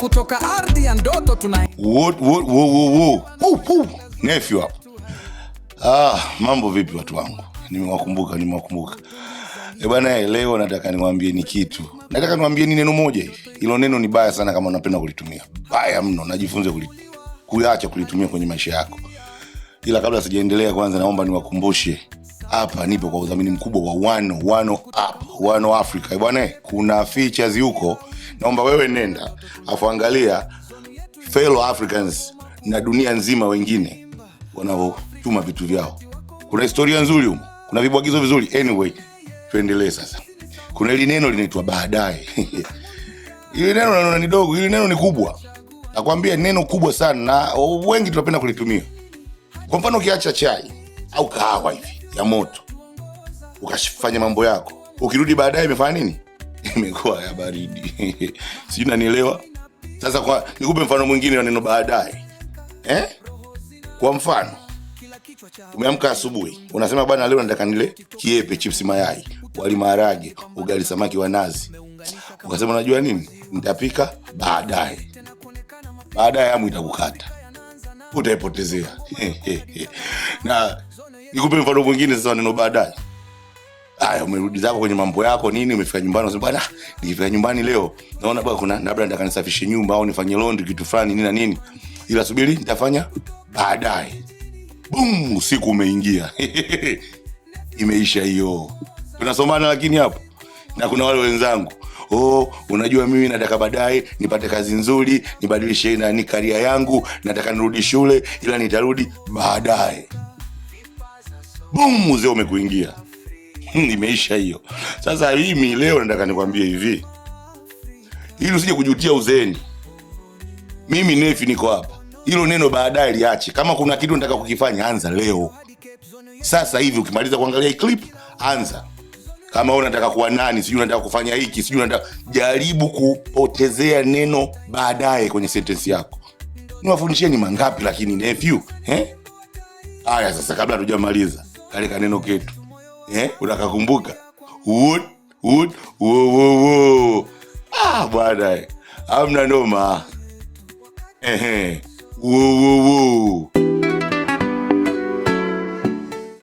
kutoka ardhi ya ndoto tunai wo, wo, wo, wo. Uh, uh. Ah, mambo vipi watu wangu? Nimewakumbuka, nimewakumbuka. E bwana leo nataka niwaambie ni kitu. Nataka niwaambie ni neno moja hivi. Hilo neno ni baya sana kama unapenda kulitumia. Baya mno, najifunze kuli, Kuacha kulitumia kwenye maisha yako. Ila kabla sijaendelea, kwanza naomba niwakumbushe hapa nipo kwa udhamini mkubwa wa Wano, Wano Up, Wano Africa. Eh, bwana, kuna features huko naomba wewe nenda afuangalia angalia fellow Africans na dunia nzima wengine wanavyotuma vitu vyao. Kuna historia nzuri humo, kuna vibwagizo vizuri. Anyway, tuendelee sasa. Kuna hili neno linaitwa baadaye. Hili neno naona ni dogo, hili neno ni kubwa. Nakwambia neno kubwa sana, na wengi tunapenda kulitumia. Kwa mfano, ukiacha chai au kahawa hivi ya moto ukafanya mambo yako, ukirudi baadaye imefanya nini? imekuwa ya baridi sijui nanielewa. Sasa kwa nikupe mfano mwingine wa neno baadaye eh? Kwa mfano umeamka asubuhi, unasema bwana, leo nataka nile kiepe, chipsi, mayai, wali, maharage, ugali, samaki wa nazi. Ukasema unajua nini, nitapika baadaye. Baadaye amu itakukata, utaipotezea. na nikupe mfano mwingine sasa wa neno baadaye Aya, umerudi zako kwenye mambo yako nini, umefika nyumbani unasema bwana, nilifika nyumbani leo naona bwana kuna labda nataka nisafishe nyumba au nifanye laundry kitu fulani nini na nini, ila subiri nitafanya baadaye. Boom, usiku umeingia imeisha hiyo. Tunasomana lakini hapo, na kuna wale wenzangu Oh, unajua mimi nataka baadaye nipate kazi nzuri nibadilishe nani karia yangu, nataka nirudi shule, ila nitarudi baadaye. Bum, mzee umekuingia. imeisha hiyo. Sasa mimi leo nataka nikwambie hivi, ili usije kujutia uzeni. Mimi Nefi niko hapa, hilo neno baadaye liache. Kama kuna kitu nataka kukifanya, anza leo, sasa hivi. Ukimaliza kuangalia hii clip, anza kama wewe unataka kuwa nani, sijui unataka kufanya hiki, sijui unataka, jaribu kupotezea neno baadaye kwenye sentensi yako. Niwafundisheni mangapi lakini nephew, eh? Haya sasa, kabla hatujamaliza, kale kaneno ketu eh, unakakumbuka wood wood wo wo wo. Ah bwana, amna noma ehe, wo wo wo